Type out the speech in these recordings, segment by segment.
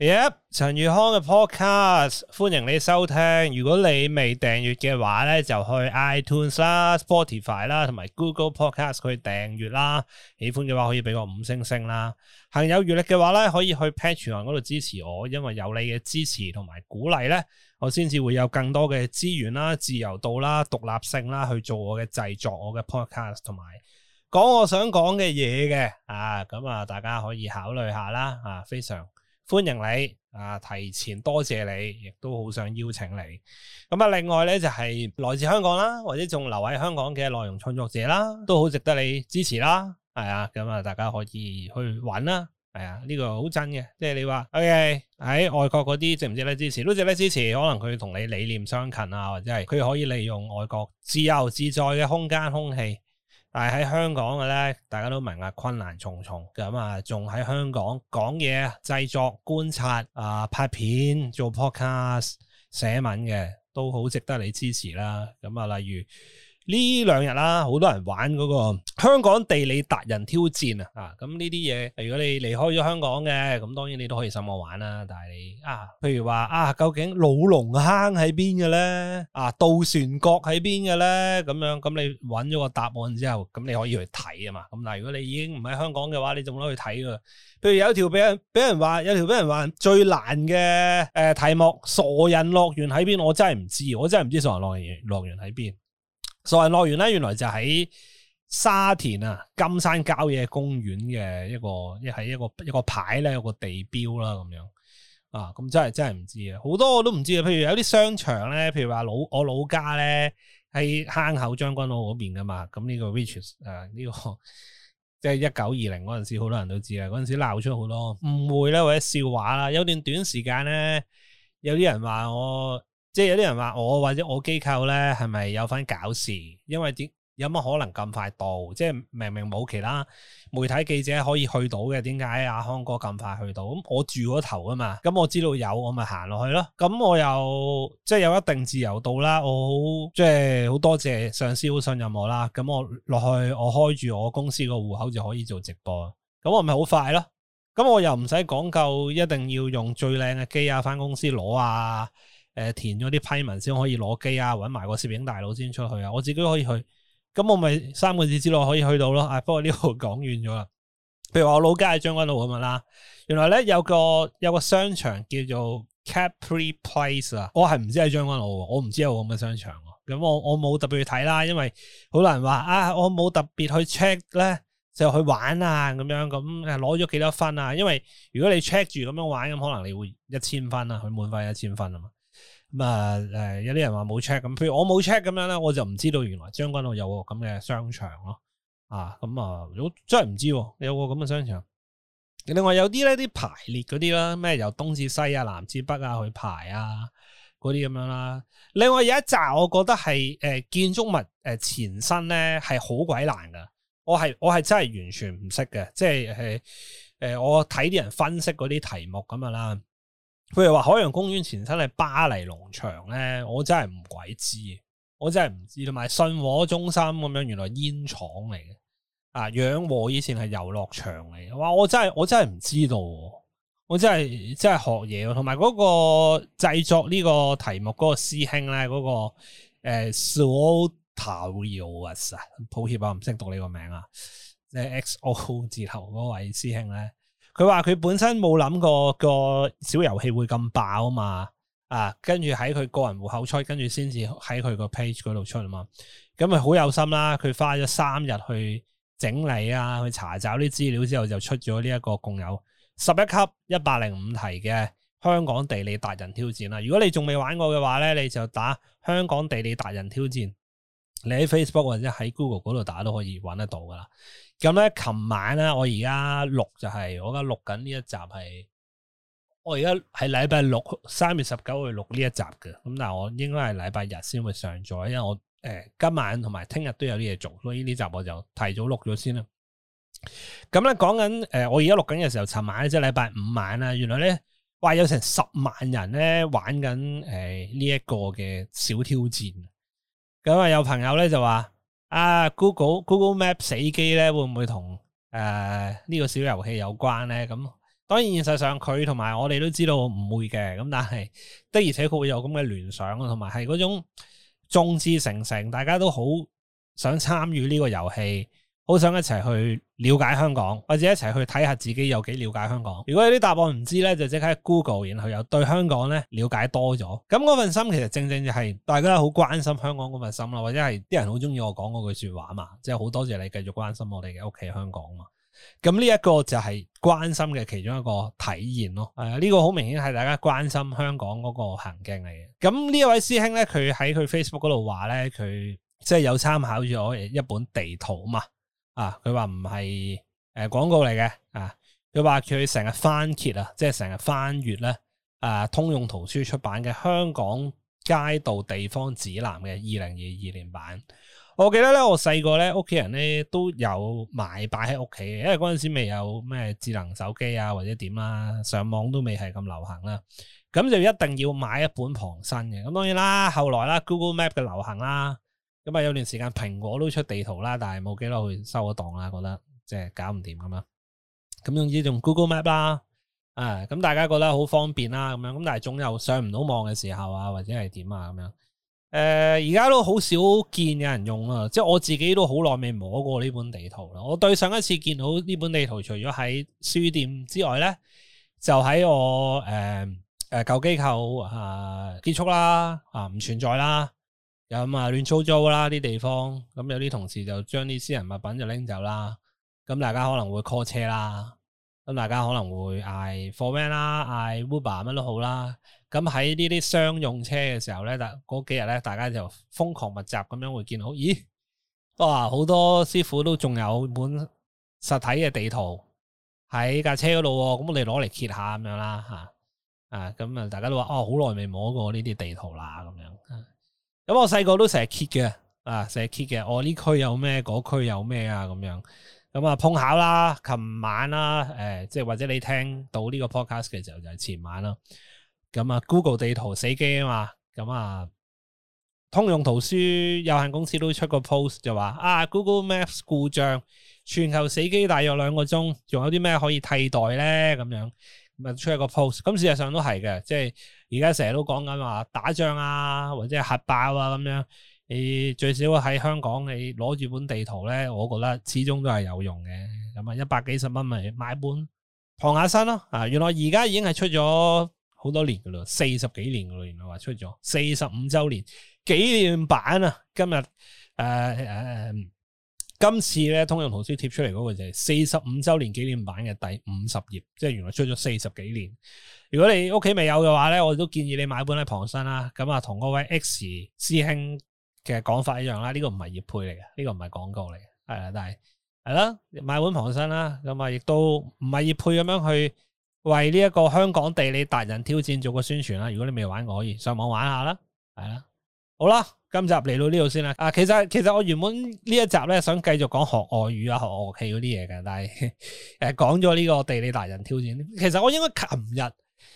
Yep，陳宇康嘅 podcast，歡迎你收聽。如果你未訂閱嘅話咧，就去 iTunes 啦、Spotify 啦，同埋 Google Podcast 去訂閱啦。喜歡嘅話可以俾個五星星啦。行有餘力嘅話咧，可以去 Patreon 嗰度支持我。因為有你嘅支持同埋鼓勵咧，我先至會有更多嘅資源啦、自由度啦、獨立性啦，去做我嘅製作、我嘅 podcast，同埋講我想講嘅嘢嘅。啊，咁啊，大家可以考慮下啦。啊，非常。歡迎你啊！提前多謝你，亦都好想邀請你。咁啊，另外呢，就係來自香港啦，或者仲留喺香港嘅內容創作者啦，都好值得你支持啦。係啊，咁啊，大家可以去揾啦。係啊，呢個好真嘅。即係你話，OK，喺外國嗰啲值唔值得支持？都值得支持。可能佢同你理念相近啊，或者係佢可以利用外國自由自在嘅空間空氣。但係喺香港嘅咧，大家都明啊，困難重重，咁、嗯、啊，仲喺香港講嘢、製作、觀察、呃、拍片、做 podcast、寫文嘅，都好值得你支持啦。咁、嗯、啊，例如。呢兩日啦、啊，好多人玩嗰個香港地理達人挑戰啊！啊，咁呢啲嘢，如果你離開咗香港嘅，咁當然你都可以上網玩啦。但係你啊，譬如話啊，究竟老龍坑喺邊嘅咧？啊，渡船角喺邊嘅咧？咁樣咁你揾咗個答案之後，咁你可以去睇啊嘛。咁但如果你已經唔喺香港嘅話，你仲可以去睇噶？譬如有一條俾人俾人話，有條俾人話最難嘅誒、呃、題目，傻人樂園喺邊？我真係唔知，我真係唔知傻人樂園樂園喺邊。所人樂園咧，原來就喺沙田啊，金山郊野公園嘅一個，一係一個一個牌咧，一個地標啦咁樣啊！咁、嗯、真係真係唔知啊，好多我都唔知啊。譬如有啲商場咧，譬如話老我老家咧喺坑口將軍澳嗰邊噶嘛，咁、這、呢個 w i c h 誒呢個即係一九二零嗰陣時，好多人都知啊。嗰陣時鬧出好多誤會啦，或者笑話啦。有段短時間咧，有啲人話我。即係有啲人話我或者我機構咧係咪有份搞事？因為點有乜可能咁快到？即係明明冇其他媒體記者可以去到嘅，點解阿康哥咁快去到？咁我住嗰頭啊嘛，咁我知道有我咪行落去咯。咁我又即係有一定自由度啦，我好即係好多謝上司好信任我啦。咁我落去，我開住我公司個戶口就可以做直播，咁我咪好快咯。咁我又唔使講究一定要用最靚嘅機啊，翻公司攞啊。誒、呃、填咗啲批文先可以攞機啊，揾埋個攝影大佬先出去啊！我自己都可以去，咁我咪三個字之內可以去到咯。啊，不過呢度講遠咗啦。譬如話我老家係將軍澳咁樣啦，原來咧有個有個商場叫做 Capri Place 啊，我係唔知係將軍澳喎，我唔知有咁嘅商場喎、啊。咁我我冇特別去睇啦，因為好多人話啊，我冇特別去 check 咧就去玩啊咁樣，咁攞咗幾多分啊？因為如果你 check 住咁樣玩，咁可能你會一千分啊，佢滿分一千分啊嘛。咁啊，誒、嗯、有啲人話冇 check，咁譬如我冇 check 咁樣咧，我就唔知道原來將軍澳有個咁嘅商場咯，啊咁啊，我、嗯嗯嗯、真係唔知你有個咁嘅商場。另外有啲咧啲排列嗰啲啦，咩由東至西啊、南至北啊去排啊，嗰啲咁樣啦。另外有一集，我覺得係誒、呃、建築物誒前身咧係好鬼難噶，我係我係真係完全唔識嘅，即係誒誒我睇啲人分析嗰啲題目咁樣啦。譬如話海洋公園前身係巴黎農場咧，我真係唔鬼知，我真係唔知。同埋信和中心咁樣，原來煙廠嚟嘅啊，養和以前係遊樂場嚟嘅。哇，我真係我真係唔知道，我真係、啊、真係學嘢、啊。同埋嗰個製作呢個題目嗰個師兄咧，嗰、嗰個誒 Sotar 啊，呃、arios，抱歉啊，唔識讀你個名啊，即、呃、係 XO 字頭嗰位師兄咧。佢話佢本身冇諗過個小遊戲會咁爆啊嘛，啊，跟住喺佢個人戶口出，跟住先至喺佢個 page 嗰度出啊嘛，咁咪好有心啦！佢花咗三日去整理啊，去查找啲資料之後就出咗呢一個共有十一級一百零五題嘅香港地理達人挑戰啦！如果你仲未玩過嘅話咧，你就打香港地理達人挑戰。你喺 Facebook 或者喺 Google 嗰度打都可以揾得到噶啦。咁、嗯、咧，琴晚咧，我而家錄就係、是、我而家錄緊呢一集係，我而家喺禮拜六三月十九去錄呢一集嘅。咁、嗯、但係我應該係禮拜日先會上載，因為我誒、呃、今晚同埋聽日都有啲嘢做，所以呢集我就提早錄咗先啦。咁咧講緊誒，我而家錄緊嘅時候，琴晚即係禮拜五晚啦，原來咧，哇有成十萬人咧玩緊誒呢一個嘅小挑戰。咁啊、嗯，有朋友咧就話啊，Google Google Map 死機咧，會唔會同誒呢個小遊戲有關咧？咁、嗯、當然現實上佢同埋我哋都知道唔會嘅，咁但係的而且確會有咁嘅聯想，同埋係嗰種眾志成城，大家都好想參與呢個遊戲。好想一齊去了解香港，或者一齊去睇下自己有幾了解香港。如果有啲答案唔知咧，就即刻 Google，然後又對香港咧了解多咗。咁、嗯、嗰份心其實正正就係大家都好關心香港嗰份心啦，或者係啲人好中意我講嗰句說話嘛，即係好多謝你繼續關心我哋嘅屋企香港嘛。咁呢一個就係關心嘅其中一個體驗咯。係、嗯、啊，呢、呢個好明顯係大家關心香港嗰個行徑嚟嘅。咁呢一位師兄咧，佢喺佢 Facebook 嗰度話咧，佢即係有參考咗一本地圖嘛。啊！佢話唔係誒廣告嚟嘅啊！佢話佢成日翻揭啊，即係成日翻閱咧啊，啊！通用圖書出版嘅香港街道地方指南嘅二零二二年版，我記得咧，我細個咧，屋企人咧都有買擺喺屋企，嘅，因為嗰陣時未有咩智能手機啊，或者點啦、啊，上網都未係咁流行啦、啊，咁就一定要買一本旁身嘅。咁、嗯、當然啦，後來啦，Google Map 嘅流行啦。咁啊，有段時間蘋果都出地圖啦，但係冇幾耐佢收咗檔啦，覺得即係搞唔掂咁啊。咁總之用 Google Map 啦，啊，咁大家覺得好方便啦，咁樣咁，但係總有上唔到網嘅時候啊，或者係點啊，咁樣。誒，而家都好少見有人用啦，即係我自己都好耐未摸過呢本地圖啦。我對上一次見到呢本地圖，除咗喺書店之外咧，就喺我誒誒舊機構啊結束啦，啊唔存在啦。啊有啊，亂糟糟啦啲地方，咁、嗯、有啲同事就將啲私人物品就拎走啦。咁、嗯、大家可能會 call 車啦，咁、嗯、大家可能會嗌 foreman 啦，嗌 Uber 乜都好啦。咁喺呢啲商用車嘅時候咧，嗰幾日咧，大家就瘋狂密集咁樣會見到，咦，哇、啊！好多師傅都仲有本實體嘅地圖喺架車嗰度喎，咁我哋攞嚟揭下咁樣啦，嚇啊！咁啊、嗯嗯，大家都話哦，好耐未摸過呢啲地圖啦，咁樣。啊咁、嗯、我細個都成日揭嘅，啊成日揭嘅，我呢區有咩，嗰區有咩啊，咁樣，咁、嗯、啊碰巧啦，琴晚啦，誒、呃，即係或者你聽到呢個 podcast 嘅時候就係前晚啦，咁、嗯、啊 Google 地圖死機啊嘛，咁、嗯、啊通用圖書有限公司都出個 post 就話啊 Google Maps 故障，全球死機大約兩個鐘，仲有啲咩可以替代咧？咁樣，咁、嗯、啊出一個 post，咁、嗯、事實上都係嘅，即係。而家成日都講緊話打仗啊，或者核爆啊咁樣，你最少喺香港你攞住本地圖咧，我覺得始終都係有用嘅。咁啊，一百幾十蚊咪買本，學下身咯。啊，原來而家已經係出咗好多年噶啦，四十幾年噶啦，原來話出咗四十五週年紀念版啊！今日誒誒。呃呃今次咧，通用圖書貼出嚟嗰個就係四十五周年紀念版嘅第五十頁，即係原來出咗四十幾年。如果你屋企未有嘅話咧，我都建議你買本喺旁身啦。咁啊，同嗰位 X 師兄嘅講法一樣啦。呢個唔係業配嚟嘅，呢個唔係廣告嚟嘅，係啦，但係係咯，買本旁身啦。咁啊，亦都唔係業配咁樣去為呢一個香港地理達人挑戰做個宣傳啦。如果你未玩過，可以上網玩下啦，係啦，好啦。今集嚟到呢度先啦。啊，其實其實我原本呢一集咧想繼續講學外語啊、學樂器嗰啲嘢嘅，但係誒講咗呢個地理達人挑戰。其實我應該琴日，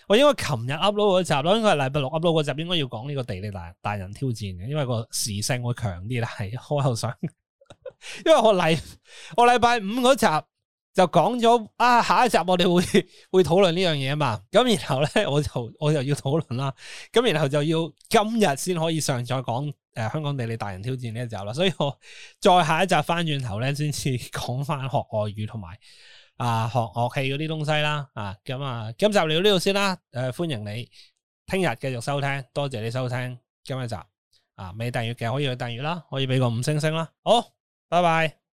我應該琴日 upload 嗰集咯，應該係禮拜六 upload 嗰集，應該要講呢個地理達達人挑戰嘅，因為個時性會強啲啦。係我又想， 因為我禮我禮拜五嗰集就講咗啊，下一集我哋會會討論呢樣嘢啊嘛。咁然後咧，我就我又要討論啦。咁然後就要今日先可以上再講。誒、呃，香港地理達人挑戰呢一集啦，所以我再下一集翻轉頭咧，先至講翻學外語同埋啊學樂器嗰啲東西啦，啊咁啊今集嚟到呢度先啦，誒、呃、歡迎你聽日繼續收聽，多謝你收聽今日集啊，未訂閱嘅可以去訂閱啦，可以俾個五星星啦，好，拜拜。